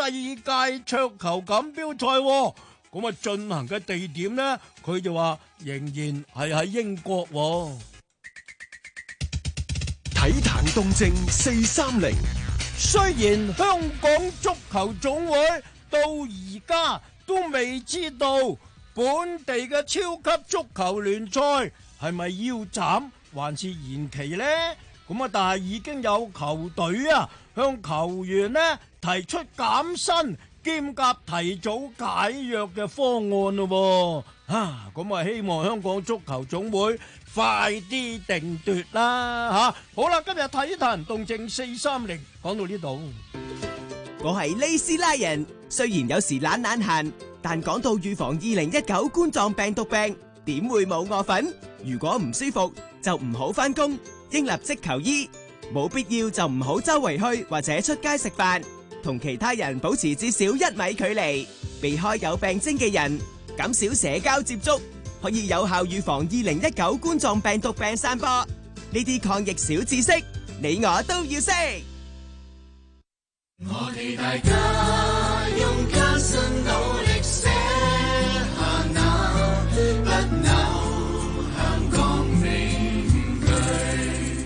世界桌球錦標賽咁啊，進行嘅地點呢，佢就話仍然係喺英國。體壇動靜四三零，雖然香港足球總會到而家都未知道本地嘅超級足球聯賽係咪要斬還是延期呢？咁啊！但係已經有球隊啊，向球員呢，提出減薪，兼夾提早解約嘅方案咯，吓！咁啊，希望香港足球總會快啲定奪啦，吓！好啦，今日睇一睇動靜四三零，講到呢度。我係利斯拉人，雖然有時懶懶閒，但講到預防二零一九冠狀病毒病，點會冇我份？如果唔舒服，就唔好翻工。應立即求醫，冇必要就唔好周圍去或者出街食飯，同其他人保持至少一米距離，避開有病徵嘅人，減少社交接觸，可以有效預防二零一九冠狀病毒病散播。呢啲抗疫小知識，你我都要識。我哋大家。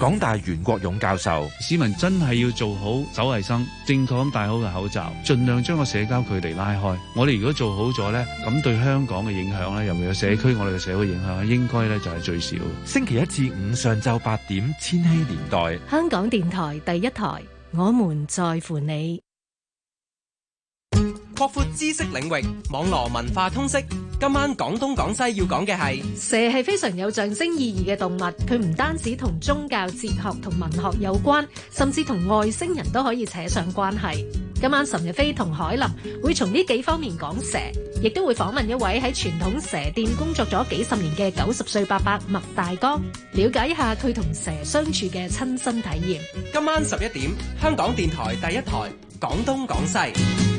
港大袁國勇教授，市民真係要做好手衛生，正確咁戴好嘅口罩，盡量將個社交距離拉開。我哋如果做好咗呢，咁對香港嘅影響呢，尤其係社區我哋嘅社會影響，應該呢，就係最少。星期一至五上晝八點，千禧年代，香港電台第一台，我們在乎你。擴闊知識領域，網羅文化通識。今晚廣東廣西要講嘅係蛇，係非常有象徵意義嘅動物。佢唔單止同宗教、哲學同文學有關，甚至同外星人都可以扯上關係。今晚岑日飛同海林會從呢幾方面講蛇，亦都會訪問一位喺傳統蛇店工作咗幾十年嘅九十歲伯伯麥大哥，了解一下佢同蛇相處嘅親身體驗。今晚十一點，香港電台第一台廣東廣西。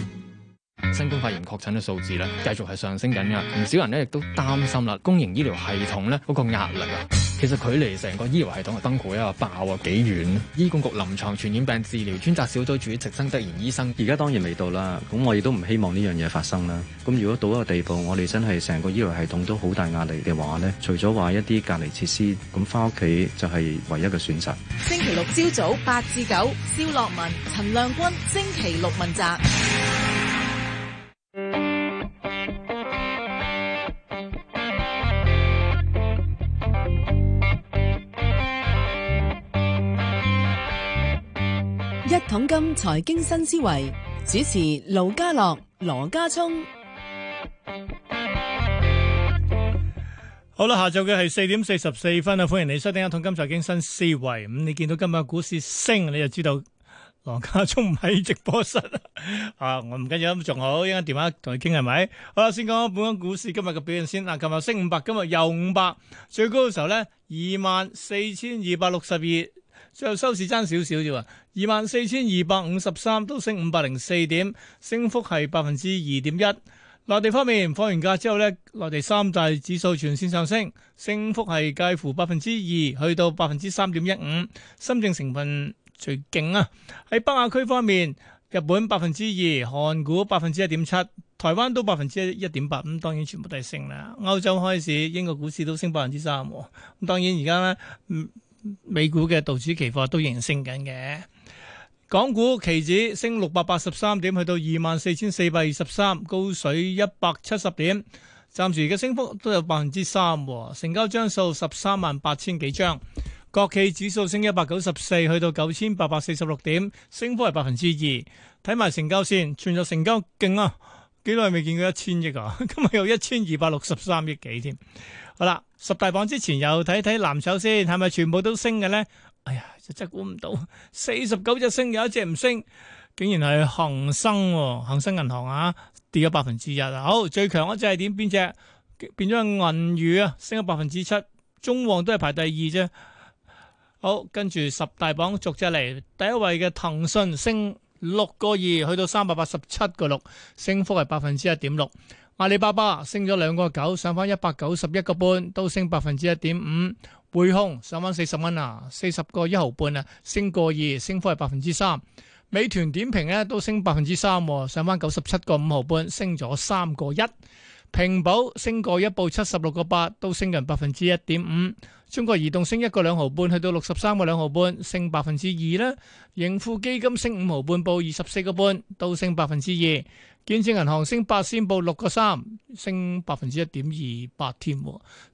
新冠肺炎確診嘅數字咧，繼續係上升緊噶，唔少人咧亦都擔心啦。公營醫療系統咧嗰個壓力啊，其實距離成個醫療系統嘅崩潰啊爆啊幾遠？醫管局臨床傳染病治療專責小組主席曾德賢醫生，而家當然未到啦。咁我亦都唔希望呢樣嘢發生啦。咁如果到一個地步，我哋真係成個醫療系統都好大壓力嘅話咧，除咗話一啲隔離設施，咁翻屋企就係唯一嘅選擇。星期六朝早八至九，肖樂文、陳亮君，星期六問責。一桶金財經新思維，主持盧家樂、羅家聰，好啦，下晝嘅係四點四十四分啊！歡迎你收聽《一桶金財經新思維》嗯。咁你見到今日股市升，你就知道羅家聰唔喺直播室啦。 啊，我唔緊要，咁仲好，一陣間電話同佢傾係咪？好啦，先講下本港股市今日嘅表現先。嗱，琴日升五百，今日又五百，最高嘅時候咧，二萬四千二百六十二。最後收市爭少少啫喎，二萬四千二百五十三都升五百零四點，升幅係百分之二點一。內地方面放完假之後咧，內地三大指數全線上升，升幅係介乎百分之二去到百分之三點一五。深證成分最勁啊！喺北亞區方面，日本百分之二，韓股百分之一點七，台灣都百分之一點八。咁當然全部都係升啦。歐洲開市，英國股市都升百分之三。咁當然而家咧，嗯。美股嘅道指期貨都仍升緊嘅，港股期指升六百八十三點，去到二萬四千四百二十三，高水一百七十點，暫時嘅升幅都有百分之三，成交張數十三萬八千幾張，國企指數升一百九十四，去到九千八百四十六點，升幅係百分之二，睇埋成交先，全日成交勁啊，幾耐未見過一千億啊， 今日有一千二百六十三億幾添。好啦，十大榜之前又睇睇藍籌先，係咪全部都升嘅咧？哎呀，真係估唔到，四十九隻升有一隻唔升，竟然係恒生、哦，恒生銀行啊，跌咗百分之一啊。好，最強嗰隻係點？邊隻變咗銀娛啊，升咗百分之七，中旺都係排第二啫。好，跟住十大榜逐隻嚟，第一位嘅騰訊升。六個二去到三百八十七個六，升幅係百分之一點六。阿里巴巴升咗兩個九，上翻一百九十一個半，都升百分之一點五。匯控上翻四十蚊啊，四十個一毫半啊，升個二，升幅係百分之三。美團點評咧都升百分之三，上翻九十七個五毫半，升咗三個一。平保升個一，報七十六個八，都升近百分之一點五。中國移動升一個兩毫半，去到六十三個兩毫半，升百分之二啦。盈富基金升五毫半，報二十四個半，都升百分之二。建設銀行升八仙，報六個三，升百分之一點二八添。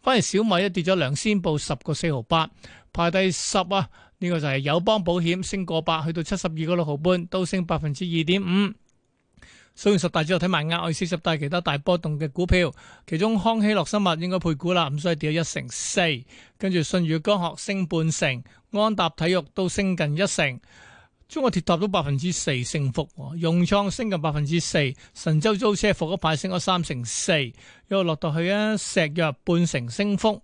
反而小米啊跌咗兩仙，報十個四毫八，排第十啊。呢、這個就係友邦保險升過百，去到七十二個六毫半，都升百分之二點五。數完十大之後，睇埋亞亞四十大其他大波動嘅股票。其中康希諾生物應該配股啦，咁所以跌咗一成四。跟住舜宇光學升半成，安踏體育都升近一成，中國鐵塔都百分之四升幅，融創升近百分之四，神州租車復牌升咗三成四，又落到去啊，石藥半成升幅。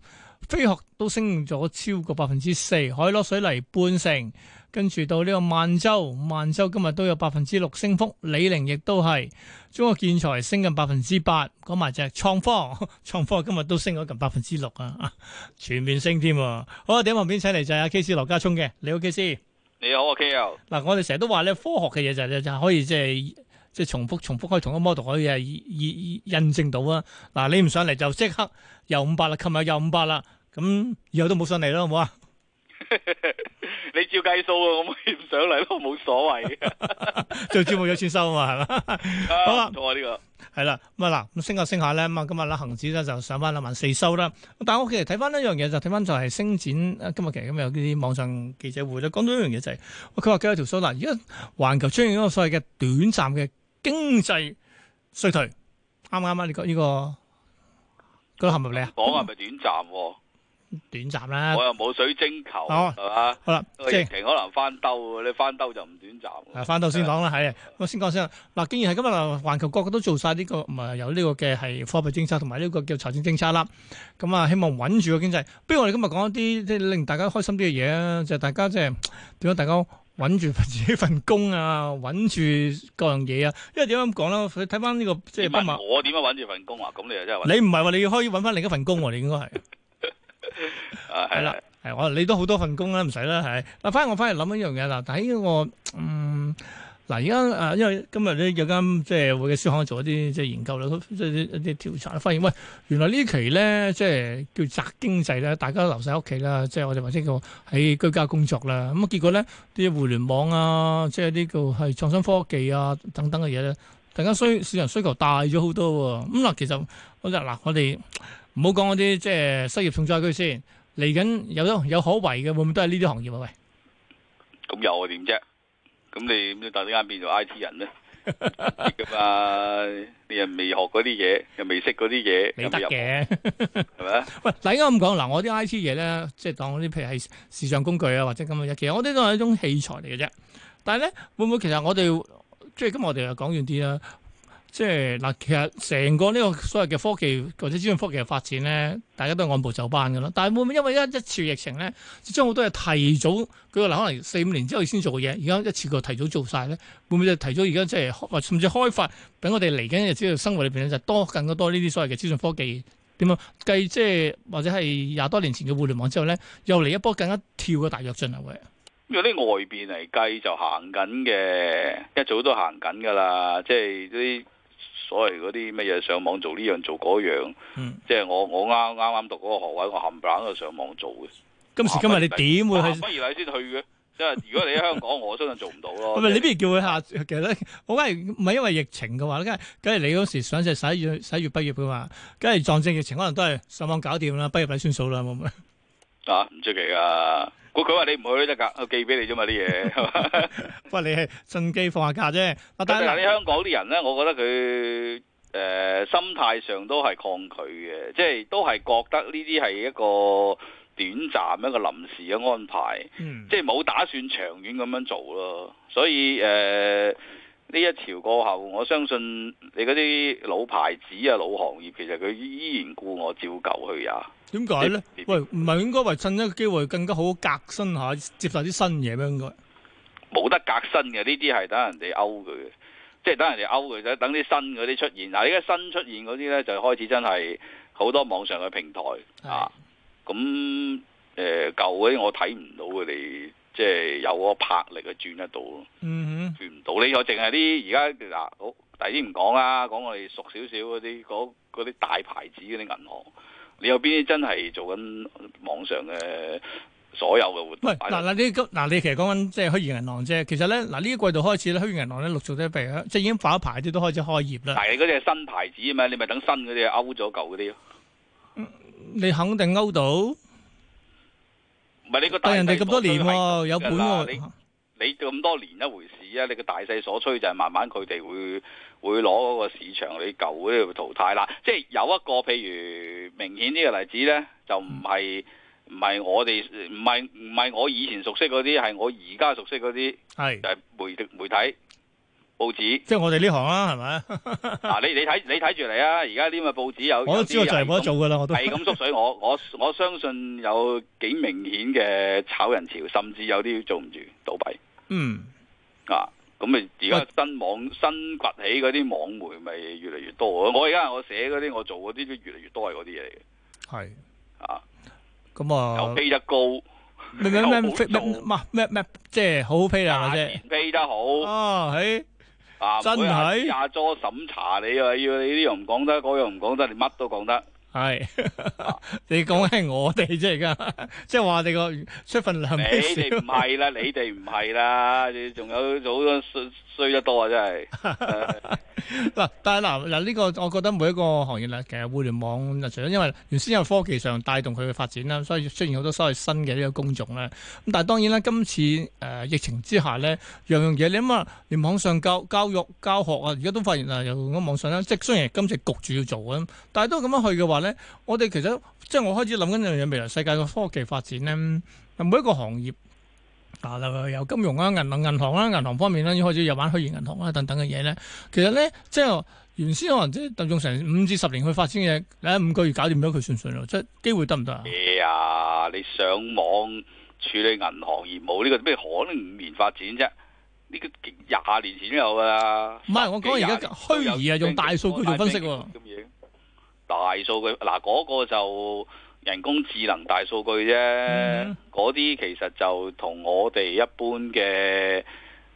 飛鶴都升咗超過百分之四，海螺水泥半成，跟住到呢個萬洲，萬洲今日都有百分之六升幅，李寧亦都係中國建材升近百分之八，講埋隻創科，創科今日都升咗近百分之六啊，全面升添。好，我哋旁邊請嚟就係 K C 羅家聰嘅，你好 K C，你好 o K L。嗱，我哋成日都話咧，科學嘅嘢就就可以即係即係重複重複可以同一個 model 可以係印證到啊。嗱、啊，你唔上嚟就即刻又五百啦，琴日又五百啦。咁以後都冇上嚟咯，好唔好啊？你照計數啊，我唔上嚟都冇所謂，最起碼有錢收啊，係嘛？好啊，同我呢個係啦，咁啊嗱，咁升下升下咧，咁啊今日啦恒指咧就上翻兩萬四收啦。但係我其實睇翻一樣嘢就睇翻就係星展，今日其實今日有啲網上記者會咧，講到一樣嘢就係，佢話計咗條數嗱，而家環球出現一個所謂嘅短暫嘅經濟衰退，啱唔啱啊？呢個呢個講係咪短暫？短暫啦，我又冇水晶球，係好啦，疫情可能翻兜是你翻兜就唔短暫。啊，翻兜先講啦，係我先講先。嗱，既然係今日環球個個都做晒呢、這個，唔係有呢個嘅係貨幣政策同埋呢個叫財政政策啦。咁啊，希望穩住個經濟。不如我哋今日講一啲即係令大家開心啲嘅嘢啊，就大家即係點解大家穩住自己份工啊，穩住各樣嘢啊。因為點解咁講咧？睇翻呢個即係問我點樣穩住份工啊？咁你又真係你唔係話你要可以揾翻另一份工、啊，你應該係。 係 啦， 係我你都好多份工啦，唔使啦，係嗱。翻嚟我翻嚟諗一樣嘢啦。但係，這個，嗯嗱，而家誒，因為今日咧有間即係會嘅書行做一啲即係研究啦，一啲調查咧，發現喂，原來呢期咧即係叫宅經濟咧，大家都留晒屋企啦，即係我哋話即係叫喺居家工作啦。咁啊，結果咧啲互聯網啊，即係啲叫係創新科技啊等等嘅嘢咧。大家需市場需求大咗好多喎，咁嗱，其實嗱，我哋唔好講嗰啲即係失業重災區先，嚟緊有有可為嘅，會唔會都係呢啲行業啊？喂，咁又啊？點啫？咁你點解突變做 I T 人咧？咁啊，你又未學嗰啲嘢，又未識嗰啲嘢，你得嘅係咪啊？喂，嗱，大家咁講嗱，我啲 I T 嘢咧，即係當嗰啲譬如係時尚工具啊，或者咁樣一，其實我啲都係一種器材嚟嘅啫。但係咧，會唔會其實我哋？即係今日我哋又講完啲啦。即係嗱，其實成個呢個所謂嘅科技或者資訊科技嘅發展咧，大家都係按部就班嘅啦。但係會唔會因為一一次疫情咧，將好多嘢提早？舉個例，可能四五年之後先做嘅嘢，而家一次過提早做晒咧，會唔會就提早而家即係甚至開發俾我哋嚟緊嘅生活裏邊咧，就多更加多呢啲所謂嘅資訊科技點樣？計即係，或者係廿多年前嘅互聯網之後咧，又嚟一波更加跳嘅大躍進啊會？因為啲外邊嚟計就行緊嘅，一早都行緊噶啦，即係啲所謂嗰啲乜嘢上網做呢樣做嗰樣，樣嗯、即係我我啱啱啱讀嗰個學位，我冚唪唥都上網做嘅。今時今日你點、啊、會、啊、去？畢業禮先去嘅，即係如果你喺香港， 我真係做唔到咯。唔你不如叫佢下，其實咧，我梗係唔係因為疫情嘅話，梗係梗係你嗰時想就洗月使月畢業嘅話，梗係撞正疫情，可能都係上網搞掂啦，畢業禮算數啦，冇 啊！唔出奇啊，佢佢話你唔去都得噶，我寄畀你啫嘛啲嘢。喂，你係趁機放下假啫。但係你香港啲人呢，我覺得佢誒、呃、心態上都係抗拒嘅，即係都係覺得呢啲係一個短暫一個臨時嘅安排，嗯、即係冇打算長遠咁樣做咯，所以誒。呃呢一潮過後，我相信你嗰啲老牌子啊、老行業，其實佢依然故我照舊去也。點解呢？你喂，唔係應該話趁一個機會更加好好革新下，接受啲新嘢咩？應該冇得革新嘅，呢啲係等人哋勾佢嘅，即係等人哋勾佢，就等、是、啲新嗰啲出現。嗱，而家新出現嗰啲呢，就開始真係好多網上嘅平台的啊。咁誒，舊啲我睇唔到佢哋。即係有個魄力去轉得到咯，轉唔到。你我淨係啲而家嗱，好，第啲唔講啦，講我哋熟少少嗰啲，嗰啲大牌子嗰啲銀行。你有邊啲真係做緊網上嘅所有嘅活動？嗱嗱，你嗱你其實講緊即係虛擬銀行啫。其實咧，嗱呢個季度開始咧，虛擬銀行咧陸續都咧，譬如即係已經發咗牌嗰啲都開始開業啦。係嗰啲係新牌子啊嘛，你咪等新嗰啲勾咗舊嗰啲、嗯。你肯定勾到？唔係你個大，大人哋咁多年喎、啊，係係有本喎、啊。你你咁多年一回事啊！你個大勢所趨就係慢慢佢哋會會攞嗰個市場，你舊嗰啲淘汰啦。即係有一個譬如明顯呢個例子咧，就唔係唔係我哋唔係唔係我以前熟悉嗰啲，係我而家熟悉嗰啲，係、就、媒、係、媒體。報紙即係我哋呢行啦，係咪啊？你你睇你睇住嚟啊！而家啲咁嘅報紙有，我都知我就係冇得做噶啦。我都係咁縮水。我我我相信有幾明顯嘅炒人潮，甚至有啲做唔住倒閉。嗯啊，咁啊而家新網新崛起嗰啲網媒咪越嚟越多。我而家我寫嗰啲，我做嗰啲都越嚟越多係嗰啲嘢嚟嘅。係啊，咁啊，又飛得高，咩咩咩即係好好飛啦，或者飛得好啊，係。啊！真係的廿桌審查你啊，要你呢樣唔講得，嗰樣唔講得，你乜都講得。係、啊、你講係我哋啫，而家即係話你哋個出份量。你哋唔係啦，你哋唔係啦，你仲有好多信。衰得多啊！真係嗱，但係嗱嗱呢個，我覺得每一個行業咧，其實互聯網嗱，除咗因為原先有科技上帶動佢嘅發展啦，所以出現好多所謂新嘅呢個工種咧。咁但係當然啦，今次誒、呃、疫情之下咧，樣樣嘢你諗啊，你連網上教教育教學啊，而家都發現啊，用緊網上啦。即係雖然今次焗住要做啊，但係都咁樣去嘅話咧，我哋其實即係我開始諗緊樣嘢，未來世界嘅科技發展咧，每一個行業。嗱，由、啊、金融啊、銀行、銀行啦、啊、銀行方面啦、啊，已經開始又玩虛擬銀行啦、啊、等等嘅嘢咧。其實咧，即、就、係、是、原先可能即仲成五至十年去發展嘅，你喺五個月搞掂咗佢算唔算咯？即、就、係、是、機會得唔得啊？嘢啊、哎！你上網處理銀行業務呢個咩可能五年發展啫？呢、這個幾廿年前都有噶。唔係，我講而家虛擬啊，用大數據做分析喎。大數據嗱嗰個就。人工智能大、大數據啫，嗰、hmm. 啲其實就同我哋一般嘅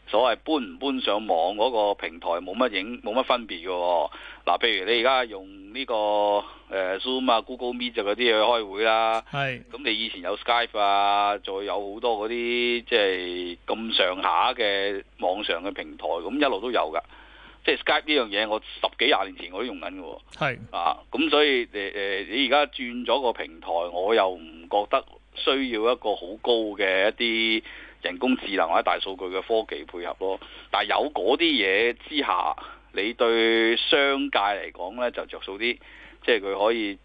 所謂搬唔搬上網嗰個平台冇乜影冇乜分別嘅、哦。嗱、啊，譬如你而家用呢、這個誒、呃、Zoom 啊、Google Meet 就嗰啲去開會啦，係咁、mm hmm. 你以前有 Skype 啊，再有好多嗰啲即係咁上下嘅網上嘅平台，咁一路都有噶。即係 Skype 呢樣嘢，我十幾廿年前我都用緊嘅喎。係啊，咁所以誒誒、呃，你而家轉咗個平台，我又唔覺得需要一個好高嘅一啲人工智能或者大數據嘅科技配合咯。但係有嗰啲嘢之下，你對商界嚟講呢，就着數啲，即係佢可以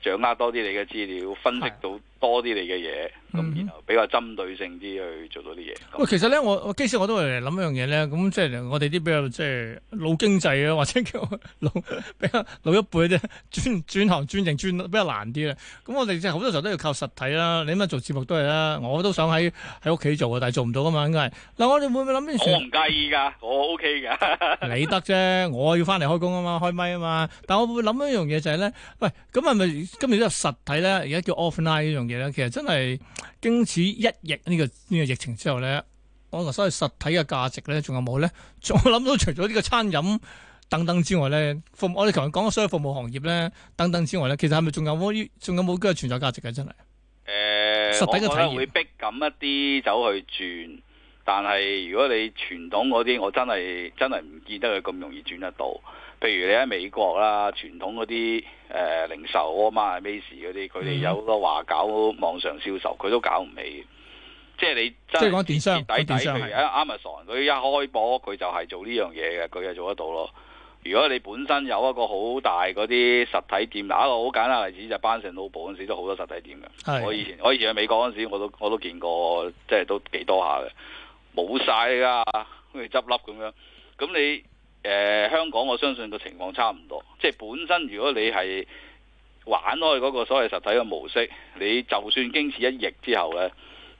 掌握多啲你嘅資料，分析到。多啲你嘅嘢，咁、嗯、然後比較針對性啲去做到啲嘢。喂、嗯，樣其實咧，我我即使我都嚟諗一樣嘢咧，咁即係我哋啲比較即係老經濟啊，或者叫老比較老一輩啲，轉轉行轉型轉比較難啲啊。咁我哋即係好多時候都要靠實體啦。你咁樣做節目都係啦，我都想喺喺屋企做啊，但係做唔到噶嘛，應該係。嗱，我哋會唔會諗啲？我唔介意㗎，我 OK 㗎。你得啫，我要翻嚟開工啊嘛，開咪啊嘛。但我會諗一樣嘢就係、是、咧，喂，咁係咪今年都有實體咧？而家叫 offline 用。其實真係經此一役，呢、呢個呢、呢個疫情之後咧，我話所謂實體嘅價值咧，仲有冇咧？我諗到除咗呢個餐飲等等之外咧，服我哋琴日講嘅所有服務行業咧等等之外咧，其實係咪仲有冇？仲有冇嗰個存在價值嘅？真係誒、呃實體嘅體會，我覺得我會逼緊一啲走去轉，但係如果你傳統嗰啲，我真係真係唔見得佢咁容易轉得到。譬如你喺美國啦，傳統嗰啲誒零售，啊嘛，Macy 嗰啲，佢哋有個話搞網上銷售，佢都搞唔起。即係你，即係講電商，底底，商啊！Amazon 佢一開波，佢就係做呢樣嘢嘅，佢就做得到咯。如果你本身有一個好大嗰啲實體店，拿一個好簡單例子就班成老部嗰時都好多實體店嘅的。我以前我以前喺美國嗰陣時，我都我都見過，即係都幾多下嘅，冇晒㗎，好似執笠咁樣。咁你？誒、呃、香港，我相信個情況差唔多，即係本身如果你係玩開嗰個所謂實體嘅模式，你就算經此一役之後咧，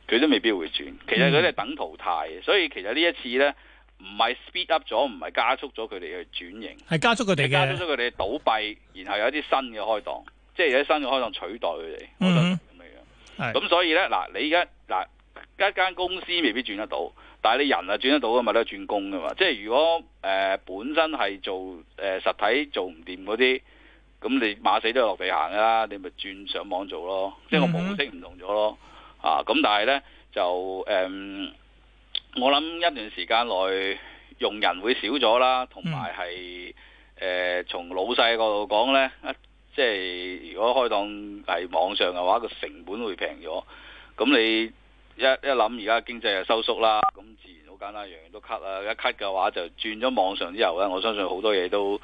佢都未必會轉。其實佢都係等淘汰，所以其實呢一次呢，唔係 speed up 咗，唔係加速咗佢哋去轉型，係加速佢哋加速咗佢哋倒閉，然後有一啲新嘅開檔，即係有啲新嘅開檔取代佢哋，咁所以呢，嗱，你而家，嗱。一間公司未必轉得到，但係你人啊轉得到啊嘛，都係轉工㗎嘛。即係如果誒、呃、本身係做誒、呃、實體做唔掂嗰啲，咁你馬死都落地行啦，你咪轉上網做咯。即係個模式唔同咗咯啊。咁但係呢，就誒、嗯，我諗一段時間內用人會少咗啦，同埋係誒從老細嗰度講呢，啊、即係如果開檔係網上嘅話，個成本會平咗，咁你。一一諗而家經濟又收縮啦，咁自然好簡單，樣樣都 cut 啦。一 cut 嘅話就轉咗網上之後咧，我相信好多嘢都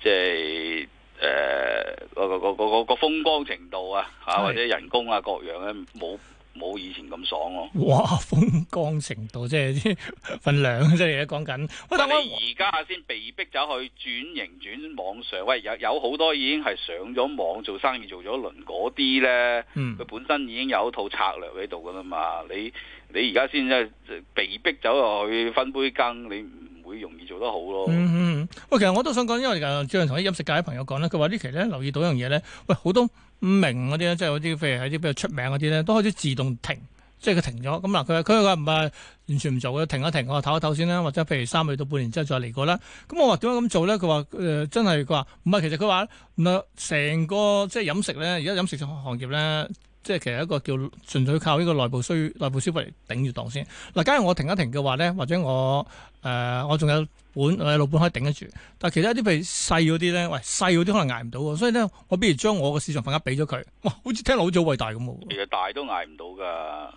即係誒個個個個風光程度啊，吓或者人工啊各樣咧冇。冇以前咁爽咯，啊，哇！風光程度即係份糧即係咧，講緊。分哎，但你而家先被逼走去轉型轉網上，喂，有有好多已經係上咗網做生意做咗輪嗰啲咧，佢、嗯、本身已經有一套策略喺度噶啦嘛。你你而家先即係被逼走落去分杯羹，你會容易做得好咯。嗯嗯，喂，其實我都想講，因為最近同啲飲食界嘅朋友講咧，佢話呢期咧留意到一樣嘢咧，喂好多無名嗰啲咧，即係嗰啲，譬如喺啲比較出名嗰啲咧，都開始自動停，即係佢停咗咁嗱。佢佢佢唔係完全唔做嘅，停一停，我唞一唞先啦，或者譬如三個月到半年之後再嚟過啦。咁我話點解咁做咧？佢話誒真係佢話唔係，其實佢話嗱成個即係飲食咧，而家飲食行業咧，即係其實一個叫純粹靠呢個內部需內部消費嚟頂住檔先嗱。假如我停一停嘅話咧，或者我。誒、呃，我仲有本，我有老本可以頂得住。但係其他啲譬如細嗰啲咧，喂細嗰啲可能捱唔到，所以咧，我不如將我個市場份額俾咗佢。哇，好似聽落好似好偉大咁喎。其實大都捱唔到㗎。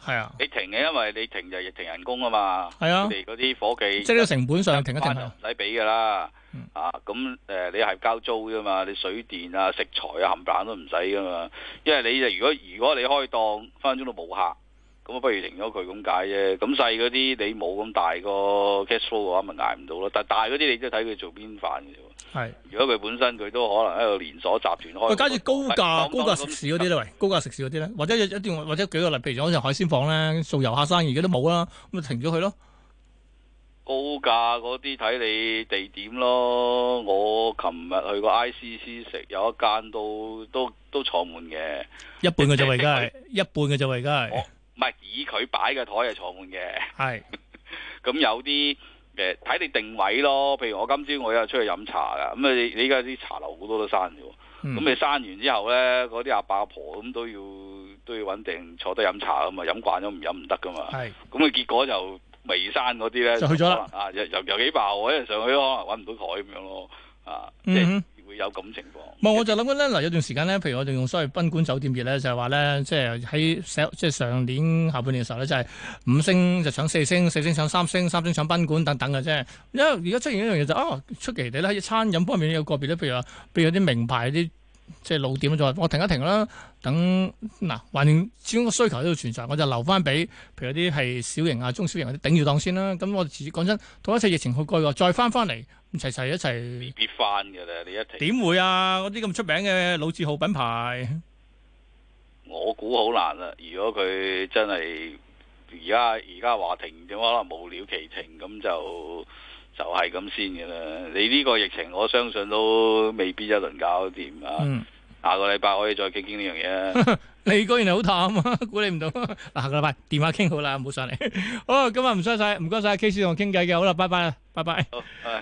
係啊，你停嘅，因為你停就停人工啊嘛。係啊，啲夥計，即係呢成本上停一停就唔使俾㗎啦。嗯、啊，咁誒、呃，你係交租㗎嘛？你水電啊、食材啊、冚唪都唔使㗎嘛。因為你就如果如果你開檔，分分鐘都冇客。咁啊，不如停咗佢咁解啫。咁細嗰啲你冇咁大個 cash flow 嘅話，咪捱唔到咯。但係大嗰啲，你都睇佢做邊瓣嘅啫。係是，如果佢本身佢都可能喺度連鎖集團開。喂、哎，假設高價、高價食肆嗰啲咧，喂都，高價食肆嗰啲咧，或者一段或者舉個例，譬如講就海鮮房咧，做遊客生意，而家都冇啦，咁啊停咗佢咯。高價嗰啲睇你地點咯。我琴日去過 ICC 食，有一間都都都坐滿嘅，一半嘅就圍街， 一半嘅就圍街。 唔係以佢擺嘅台係坐滿嘅，係 咁有啲誒，睇、呃、你定位咯。譬如我今朝我一出去飲茶噶，咁你你依家啲茶樓好多都閂咗，咁你閂完之後咧，嗰啲阿伯阿婆咁都要都要穩定坐低飲茶噶嘛，飲慣咗唔飲唔得噶嘛，係咁佢結果就未閂嗰啲咧就去咗啊，又又又幾爆、啊，因為上去可能搵唔到台咁樣咯啊。即嗯會有咁情況？唔係，我就諗緊咧，嗱有段時間咧，譬如我哋用所謂賓館酒店業咧，就係話咧，即係喺上即係上年下半年嘅時候咧，就係、是、五星就搶四星，四星搶三星，三星搶賓館等等嘅啫。因為而家出現一樣嘢就哦出奇地咧，喺餐飲方面有個別咧，譬如話，譬如有啲名牌啲。即係老點咗？我停一停啦，等嗱，還始終個需求都存在，我就留翻俾譬如啲係小型啊、中小型嗰啲頂住檔先啦。咁我直接講真，同一切疫情過過再翻翻嚟齊齊一齊。未必翻㗎啦，你一停點會啊？嗰啲咁出名嘅老字號品牌，我估好難啦。如果佢真係而家而家話停，就可能無了其停，咁就。就係咁先嘅啦，你呢個疫情我相信都未必一輪搞掂啊！嗯、下個禮拜可以再傾傾呢樣嘢。 你講完好淡啊，估你唔到。嗱， 下個禮拜電話傾好啦，唔好上嚟。 好，今日唔該晒，唔該晒，KC 同我傾偈嘅，好啦，拜拜，拜拜。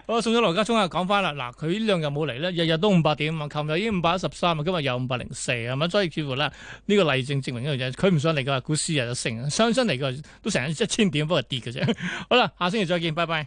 好，送咗羅家聰啊，講翻啦。嗱，佢呢兩日冇嚟咧，日日都五百點啊，琴日已經五百一十三啊，今日又五百零四啊，咁所以似乎咧呢、呢個例證證證明一樣嘢，佢唔上嚟嘅話，股市日日升；上身嚟嘅都成一千點，不過跌嘅啫。 好啦，下星期再見，拜拜。